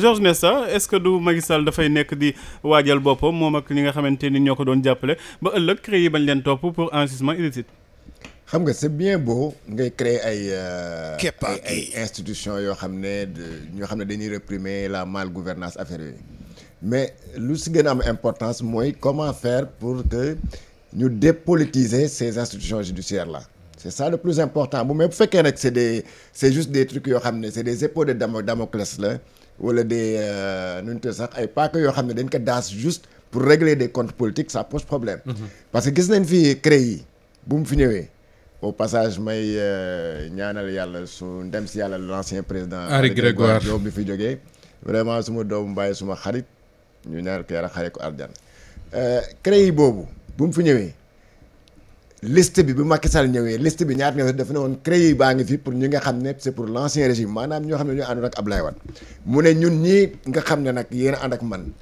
Georges Nesta est-ce que du Macky Sall dafay nekk di waajal boppam moom ak ñi nga xamante ni ñoo ko doon jàppale ba ëllëg créé yi bañ leen topp pour enrichissement illicite. xam nga c'est bien boo ngay créer ay euh, ay institutions yoo xam ne de ñoo xam ne dañuy reprimer la mal gouvernance affaire yooyu mais lu si gën a am importance mooy comment fair pour que ñu dépolitiser ces institutions judiciaires là c'est ça le plus important bu mais bu fekkee nag c'est des yoo xam ne c'est des épées de la wala des euh, nu ñu sax ay paaka yoo xam ne dañ ko daas juste pour régler des comptes politiques ça pose problème. Mhm. parce que gis nañ fi CREI yi bu mu fi ñëwee. au passage may euh, ñaanal yàlla su ndem si yàlla l'ancien président. Henri Grégoire Diop bi fi jógee. vraiment suma doomu mbaay suma xarit ñu ñaanal ko yàlla xare ko arjan euh, CREI yi boobu bu mu fi ñëwee. liste bi bu Macky sal ñëwee list bi ñaata ñëw dafa ne woon créé baa ngi fi pour ñi nga xam ne c'est pour l'ancien régime maanaam ñoo xam ne ñoo àndoon ak Abdoulaye Wade mu ne ñun ñii nga xam ne nag yéen ànd ak man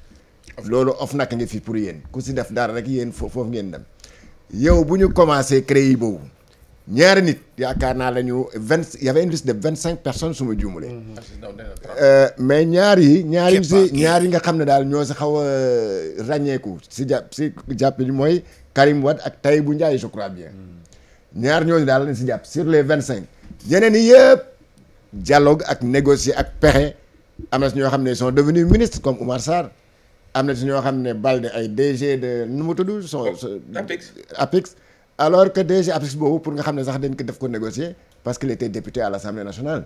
loolu of nak ngi fi pour yéen ku si def dara rek yéen foofu ngeen dem yow bu ñu commencé créé boobu ñaari nit yaakaar naa la ñu vingt y avait de vingt cinq personnes su ma juumulee mm-hmm. euh, mais ñaar yi ñaar yi si ñaar yi nga xam ne daal ñoo si xaw a ràññeeku si jàpp si jàpp mooy Karim ak Tahibou bu je crois bien ñaar ñooñu daal lañ si jàpp sur les vingt cinq yeneen yi yëpp dialogue ak négocier ak pexe am na si ñoo xam ne soo devenus ministres comme Oumar Sarr am na si ñoo xam ne Balde ay DG de nu mu tudd son oh, APIX APIX alors que DG APIX boobu pour nga xam ne sax dañ def ko négocier parce qu'il était député à l'Assemblée nationale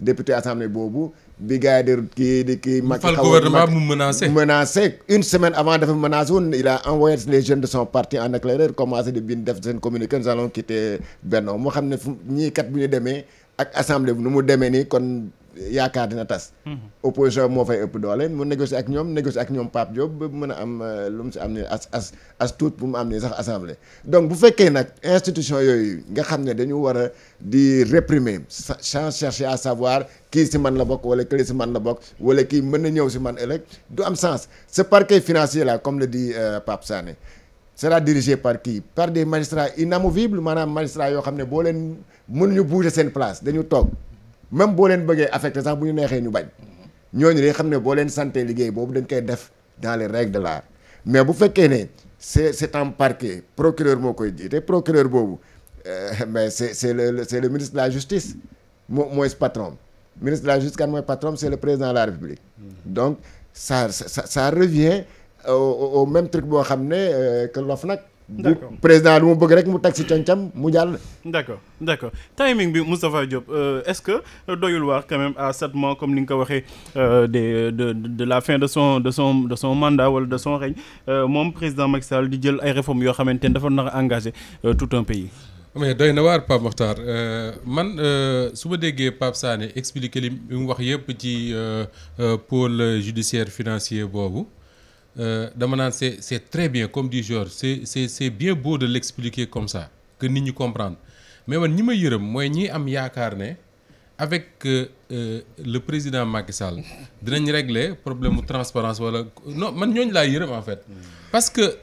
député assemblée boobu bi gars yi di kii di kii. Macky fal gouvernement mu menacé menacé une semaine avant dafa menacé woon il a envoyé les jeunes de son parti en éclaireur commencé di bind def seen communiqué nous allons quitter Benno moo xam ne fu ñii kat bu ñu demee ak assemblée bi nu mu demee nii kon. yaakaar dina tas. Mhm. opposition moo fay ëpp doole mu négocier ak ñoom négocier ak ñoom Pape Diop ba mën a am euh, lu mu si am ni as as as bu mu am nii sax assemblée. donc bu fekkee nag institution yooyu nga xam ne dañu war a di réprimer sans chercher à savoir kii si man la bokk wala kële si man la bokk wala kii mën na ñëw si man ëllëg du am sens ce parquet financier là comme le dit euh, Pape Sané. sera dirigé par qui par des magistrats inamovibles maanaam magistrats yoo xam ne boo leen mënuñu bouger seen place dañu toog. même boo leen bëggee affecté sax bu ñu neexee ñu bañ ñooñu day xam ne boo leen santé liggéey boobu dañ koy def dans les règles de l'art mais bu fekkee ne c'est c'est un parquet procureur moo koy jiite procureur boobu euh, mais c'est c'est le le ministre de la justice moo mooy patron ministre de la justice kan mooy patron c'est le président de la république mm-hmm. donc sa ça ça revient au, même truc boo xam ne euh, que nag bu président lu mu bëgg rek mu teg si cam-cam mu jàll. d' accord d' accord timing bi Moustapha Diop euh, est ce que doyul waar quand à sept mois comme ni nga ko waxee euh, de de de la fin de son de son de son mandat wala de son règne euh, moom président Macky Sall di jël ay réformes yoo xamante ne dafa nar a engagé tout un pays. mais doy na waar Pape Mokhtar man su ma déggee Pape Sané expliqué li mu wax yëpp ci pôle judiciaire financier boobu. Euh, dama naan c' est très bien comme dit Georges c' est c' est c' est bien beau de l' comme ça que nit ñi comprendre mais man ñi ma yërëm mooy ñi am yaakaar ne avec euh, euh le président Macky Sall dinañ régle problème mu transparence wala non man ñooñu laa yërëm en fait mm. parce que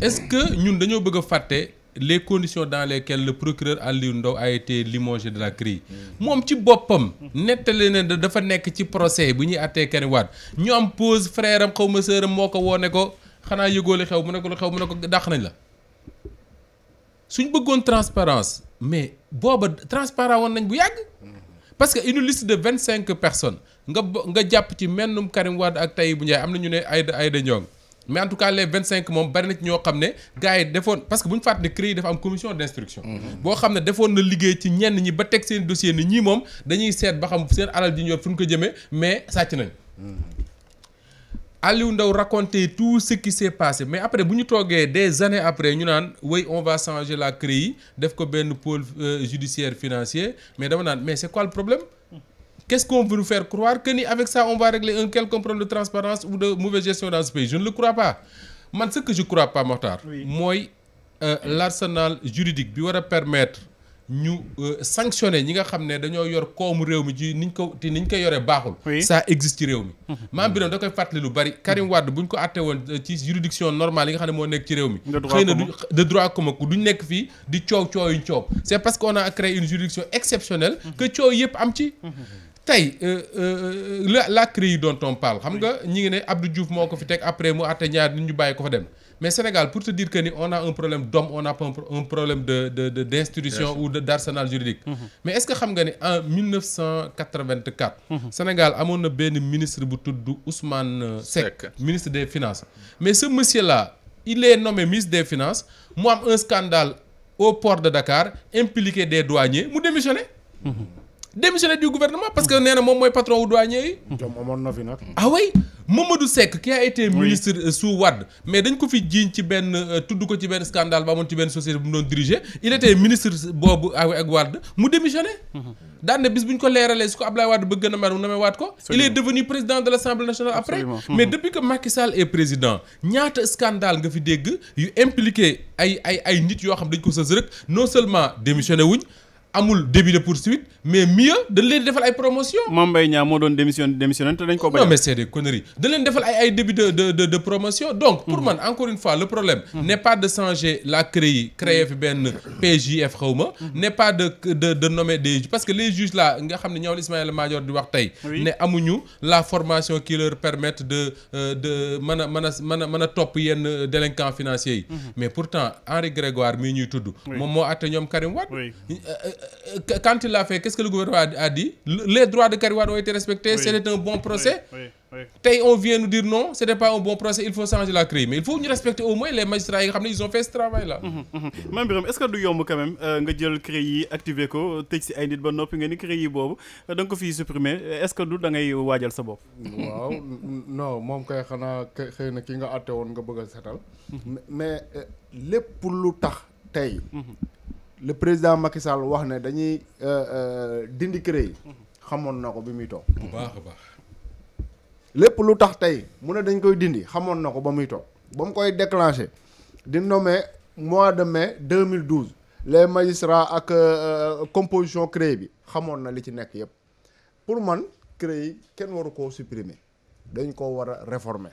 est ce que ñun dañoo bëgg fàtte les conditions dans lesquelles le procureur Aliou Ndao a été limogé de la CREI moom ci boppam nettali ne dafa nekk ci procès bu ñuy attee Karim Wade ñu am pause frère am xaw ma sœur am moo ko woone ko xanaa yëgoo li xew mu ne ko lu xew mu ne ko dax nañ la suñ bëggoon transparence mais booba transparent woon nañ bu yàgg parce que une de vingt cinq personnes nga nga jàpp ci mennum Karim Wade ak bu Ndiaye am na ñu ne Aïda ayda Ndiong mais en tout cas les cinq moom bari ci ñoo xam ne gars yi defoon parce que bu ñu fàtte ne CREI dafa am commission d' boo xam ne defoon na liggéey ci ñenn ñi ba teg seen dossier ni ñii moom dañuy seet ba xam seen alal ji ñu yor fu ñu ko jëmee mais sàcc nañ Aliou Ndao raconté tout ce qui s'est passé mais après bu ñu toogee des années après ñu naan oui on va changer la CREI def ko benn pôle euh, judiciaire financier mais dama naan mais c'est quoi problème Qu'est-ce qu'on veut nous faire croire que ni avec ça on va régler un quelconque problème de transparence ou de mauvaise gestion dans ce pays je ne crois pas man ce que crois pas Mokhtar euh, bi war a permettre ñu euh, sanctionner ñi nga xam ne dañoo yor koomu réew mi ji niñ ko te niñ ko yoree baaxul ça existe ci réew mi maam bi doon da koy fàttali lu bari Karim mm-hmm. Wade buñ ko àtte woon euh, ci juridiction normale yi nga xam ne moo nekk ci réew mi xëy na de droit commun duñ nekk fii di coow coow yuñ coow c'est parce qu'on a créé une juridiction exceptionnelle mm-hmm. que coow yëpp am ci mm-hmm. tey euh, euh, euh, la la CREI dont on parle xam nga ñi ngi ne Abdou Diouf moo ko fi teg après mu àtte ñaar nit ñu bàyyi ko fa dem mais Sénégal pour te dire que ni on a un problème d'homme on a un problème de de de d'institution ou de d'arsenal juridique. Mm-hmm. mais est-ce que xam nga ni mm-hmm. Sénégal amoon na benn ministre bu tudd Ousmane Seck. ministre des finance mais ce monsieur la il est nommé ministre des finances mu am un scandale au port de Dakar impliqué des douaniers mu démissionné. Mm-hmm. démissionné du gouvernement parce que nee na moom mooy patron wu douanier yi. jom amoon na fi nag. ah été ministre euh, sous Wade mais dañ ko fi jiiñ ci benn euh, tudd ko ci benn scandale ba amoon ci benn société bu mu doon diriger il était ministre boobu ak Wade mu démissionné. Mhm. daan bis bu ko leeralee su ko Ablaye Wade bëgg na mer mu namee waat ko. il est devenu président de l' assemblée nationale après. mais mhm. depuis que Macky Sall est président ñaata scandale nga fi dégg yu impliqué ay nit yoo xam dañ ko non seulement démissionné wuñ. amul début de poursuite mais mieux da leen defal ay promotion Mame Mbaye Niang moo doon démission démissionné te dañ ko bañ non mais c'est des conneries leen defal ay ay de de de de promotion donc pour hmm. man encore une fois le problème hmm. n'est pas de changer la CREI créer fi benn PJF xawma hmm. n'est de de de nommer parce que les juges la nga xam ne ñoom Ismaïla Madior di wax tey ne amuñu la formation ki leur permette de euh, de mën a mën a mën a mën a topp yenn délinquants financiers yi mais pourtant Henri Grégoire mii ñuy tudd moom moo àtte ñoom Euh, euh, quand il l'a fait qu'est-ce que le gouvernement a dit les droits de Karim Wade ont été respectés oui. c'était un bon procès oui, oui, tey on vient nous dire non c'était pas un bon procès il faut changer la CREI il faut ñu respecter au moins les magistrats yi nga xam ne ils fait ce travail là mhm, mhm. Mame Birame est yomb quand euh, nga jël CREI yi activer ko tëj si ay nit ba noppi nga ni CREI yi boobu da ko fiy supprimer est-ce waajal sa bopp waaw non moom kay xanaa xëy na a le président Macky Sall wax ne dañuy euh, euh, dindi CREI yi xamoon na ko bi muy toog. lépp lu tax tey mu ne dañ koy dindi xamoon na ko ba muy toog ba mu koy déclenché di nommé mois de mais deux mai 2012 les magistrats ak euh, composition CREI bi xamoon na li ci nekk yëpp pour man CREI yi kenn waru koo supprimer. dañ ko war a réformer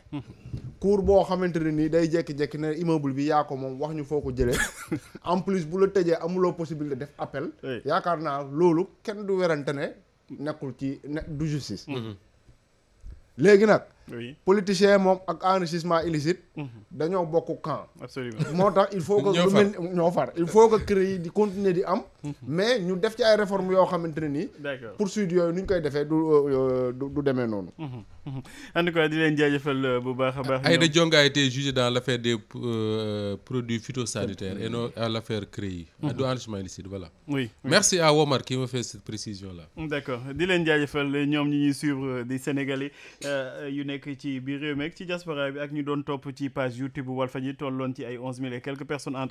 cour boo xamante ne nii day jekki-jekki ne immeuble bi yaa ko moom wax ñu foo ko jëlee en plus bu la tëjee amuloo possibilité def appel yaakaar naa loolu kenn du werante ne nekkul ci ne du justice mm-hmm. léegi nag oui politicien moom ak enrichissement illicite. Mhm. dañoo bokk camp. absolument moo tax il faut que. ñoo far ñoo far il di continuer di am. Mhm. mais ñu def ci ay réformes yoo xamante ne nii. poursuite yooyu nu ñu koy defee du euh, demee noonu. Mhm. en tout cas di leen jaajëfal euh, bu baax a baax. Aïda Diong a été jugé dans l' affaire des euh, produits et non à l' affaire CREI. du enrichissement illicite voilà. merci à Omar qui m'a fait cette précision là. d' accord di leen jaajëfal ñoom ñi ñuy suivre di nekk ci biir réew mi ci diaspora bi ak ñu doon topp ci page YouTube Walfadjri tolloon ci ay onze mille et quelques personnes en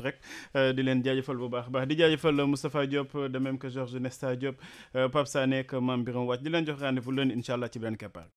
euh, di leen jaajëfal bu baax baax di jaajëfal Moustapha Diop de même que Georges Nesta Diop euh, Pape Sané ak Mame Biram di leen jox rendez-vous leen incha allah ci benn keppaar